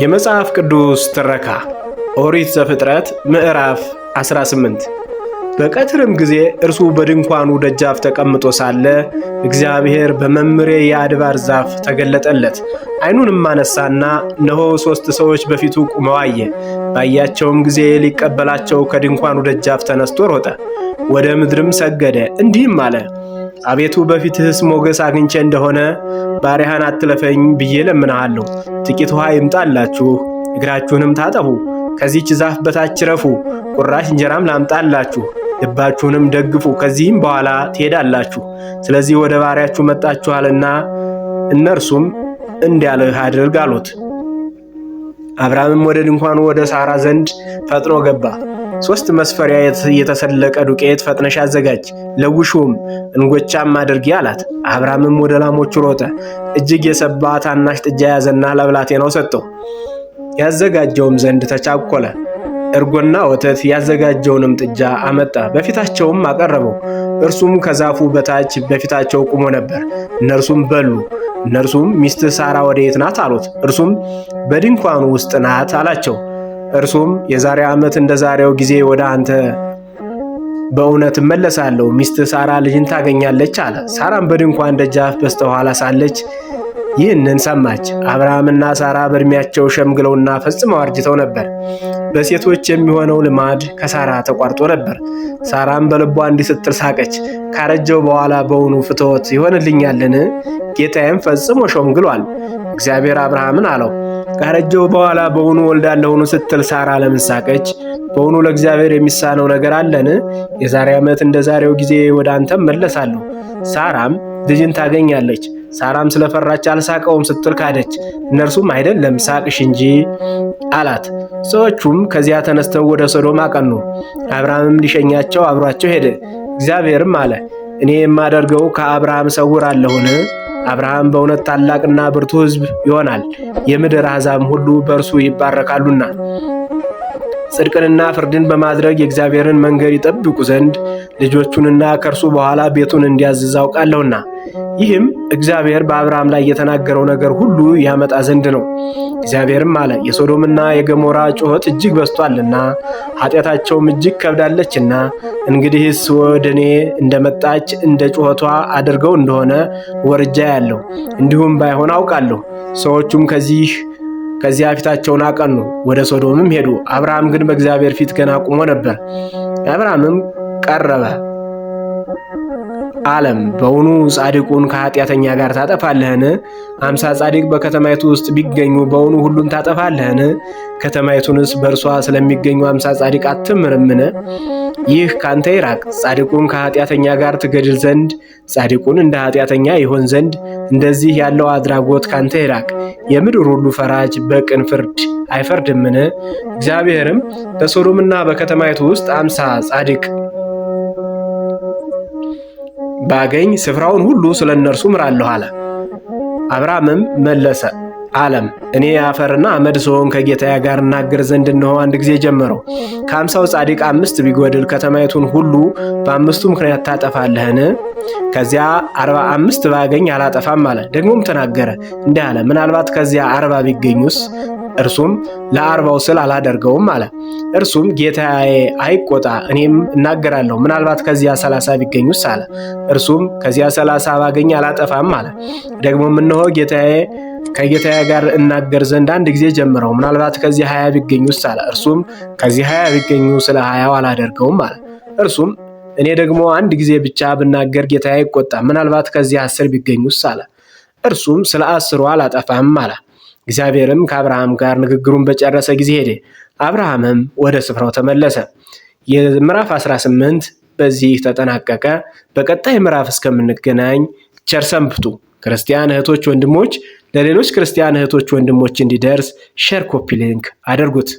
የመጽሐፍ ቅዱስ ትረካ ኦሪት ዘፍጥረት ምዕራፍ 18 በቀትርም ጊዜ እርሱ በድንኳኑ ደጃፍ ተቀምጦ ሳለ እግዚአብሔር በመምሬ የአድባር ዛፍ ተገለጠለት። ዓይኑንም አነሳና እነሆ ሦስት ሰዎች በፊቱ ቁመው አየ። ባያቸውም ጊዜ ሊቀበላቸው ከድንኳኑ ደጃፍ ተነስቶ ሮጠ፣ ወደ ምድርም ሰገደ፣ እንዲህም አለ አቤቱ በፊትህስ ሞገስ አግኝቼ እንደሆነ ባሪያህን አትለፈኝ ብዬ ለምንሃለሁ። ጥቂት ውሃ ይምጣላችሁ፣ እግራችሁንም ታጠቡ፣ ከዚች ዛፍ በታች ረፉ፣ ቁራሽ እንጀራም ላምጣላችሁ፣ ልባችሁንም ደግፉ፣ ከዚህም በኋላ ትሄዳላችሁ። ስለዚህ ወደ ባሪያችሁ መጣችኋልና እነርሱም እንዲያልህ አድርግ አሉት። አብርሃምም ወደ ድንኳኑ ወደ ሳራ ዘንድ ፈጥኖ ገባ። ሶስት መስፈሪያ የተሰለቀ ዱቄት ፈጥነሽ አዘጋጅ፣ ለውሹም እንጎቻም አድርጊ አላት። አብራምም ወደ ላሞቹ ሮጠ። እጅግ የሰባ ታናሽ ጥጃ ያዘና ለብላቴናው ሰጠው። ያዘጋጀውም ዘንድ ተቻኮለ። እርጎና ወተት ያዘጋጀውንም ጥጃ አመጣ፣ በፊታቸውም አቀረበው። እርሱም ከዛፉ በታች በፊታቸው ቆሞ ነበር። እነርሱም በሉ። እነርሱም ሚስት ሳራ ወዴት ናት አሉት። እርሱም በድንኳኑ ውስጥ ናት አላቸው። እርሱም የዛሬ ዓመት እንደ ዛሬው ጊዜ ወደ አንተ በእውነት እመለሳለሁ፣ ሚስት ሳራ ልጅን ታገኛለች አለ። ሳራም በድንኳን ደጃፍ በስተኋላ ሳለች ይህንን ሰማች። አብርሃምና ሳራ በእድሜያቸው ሸምግለውና ፈጽመው አርጅተው ነበር። በሴቶች የሚሆነው ልማድ ከሳራ ተቋርጦ ነበር። ሳራም በልቧ እንዲህ ስትል ሳቀች፣ ካረጀው በኋላ በውኑ ፍትወት ይሆንልኛልን? ጌታዬም ፈጽሞ ሸምግሏል። እግዚአብሔር አብርሃምን አለው ካረጀው በኋላ በውኑ ወልዳለሁን ስትል ሳራ ለምን ሳቀች? በውኑ ለእግዚአብሔር የሚሳነው ነገር አለን? የዛሬ ዓመት እንደ ዛሬው ጊዜ ወደ አንተም መለሳለሁ። ሳራም ልጅን ታገኛለች። ሳራም ስለፈራች አልሳቀውም ስትል ካደች። እነርሱም አይደለም ሳቅሽ እንጂ አላት። ሰዎቹም ከዚያ ተነስተው ወደ ሶዶም አቀኑ። አብርሃምም ሊሸኛቸው አብሯቸው ሄደ። እግዚአብሔርም አለ እኔ የማደርገው ከአብርሃም ሰውር አለሁን? አብርሃም በእውነት ታላቅና ብርቱ ሕዝብ ይሆናል፣ የምድር አሕዛብም ሁሉ በእርሱ ይባረካሉና ጽድቅንና ፍርድን በማድረግ የእግዚአብሔርን መንገድ ይጠብቁ ዘንድ ልጆቹንና ከእርሱ በኋላ ቤቱን እንዲያዝዝ አውቃለሁና ይህም እግዚአብሔር በአብርሃም ላይ የተናገረው ነገር ሁሉ ያመጣ ዘንድ ነው። እግዚአብሔርም አለ የሶዶምና የገሞራ ጩኸት እጅግ በዝቷልና ኃጢአታቸውም እጅግ ከብዳለችና እንግዲህስ ወደ እኔ እንደመጣች እንደ ጩኸቷ አድርገው እንደሆነ ወርጃ ያለው እንዲሁም ባይሆን አውቃለሁ። ሰዎቹም ከዚህ ከዚያ ፊታቸውን አቀኑ፣ ወደ ሶዶምም ሄዱ። አብርሃም ግን በእግዚአብሔር ፊት ገና ቆሞ ነበር። አብርሃምም ቀረበ አለም በውኑ ጻድቁን ከኃጢአተኛ ጋር ታጠፋለህን? አምሳ ጻድቅ በከተማይቱ ውስጥ ቢገኙ በውኑ ሁሉን ታጠፋለህን? ከተማይቱንስ በእርሷ ስለሚገኙ አምሳ ጻድቅ አትምርምን? ይህ ካንተ ይራቅ። ጻድቁን ከኃጢአተኛ ጋር ትገድል ዘንድ ጻድቁን እንደ ኃጢአተኛ ይሆን ዘንድ እንደዚህ ያለው አድራጎት ካንተ ይራቅ። የምድር ሁሉ ፈራጅ በቅን ፍርድ አይፈርድምን? እግዚአብሔርም በሶዶምና በከተማይቱ ውስጥ አምሳ ጻድቅ ባገኝ ስፍራውን ሁሉ ስለ እነርሱ ምራለሁ አለ። አብርሃምም መለሰ አለም እኔ አፈርና አመድ ስሆን ከጌታዬ ጋር እናገር ዘንድ እንሆ አንድ ጊዜ ጀመረው። ከአምሳው ጻድቅ አምስት ቢጎድል ከተማይቱን ሁሉ በአምስቱ ምክንያት ታጠፋለህን? ከዚያ አርባ አምስት ባገኝ አላጠፋም አለ። ደግሞም ተናገረ እንዲህ አለ፣ ምናልባት ከዚያ አርባ ቢገኙስ? እርሱም ለአርባው ስል አላደርገውም አለ። እርሱም ጌታዬ አይቆጣ፣ እኔም እናገራለሁ፣ ምናልባት ከዚያ ሰላሳ ቢገኙስ አለ። እርሱም ከዚያ ሰላሳ ባገኝ አላጠፋም አለ። ደግሞም እነሆ ጌታዬ ከጌታዬ ጋር እናገር ዘንድ አንድ ጊዜ ጀምረው፣ ምናልባት ከዚህ ሀያ ቢገኙስ አለ። እርሱም ከዚህ ሀያ ቢገኙ ስለ ሀያው አላደርገውም አለ። እርሱም እኔ ደግሞ አንድ ጊዜ ብቻ ብናገር ጌታዬ ይቆጣ ምናልባት ከዚህ አስር ቢገኙስ አለ። እርሱም ስለ አስሩ አላጠፋም አለ። እግዚአብሔርም ከአብርሃም ጋር ንግግሩን በጨረሰ ጊዜ ሄደ፣ አብርሃምም ወደ ስፍራው ተመለሰ። የምዕራፍ 18 በዚህ ተጠናቀቀ። በቀጣይ ምዕራፍ እስከምንገናኝ ቸር ሰንብቱ። ክርስቲያን እህቶች ወንድሞች፣ ለሌሎች ክርስቲያን እህቶች ወንድሞች እንዲደርስ ሼር፣ ኮፒ ሊንክ አድርጉት።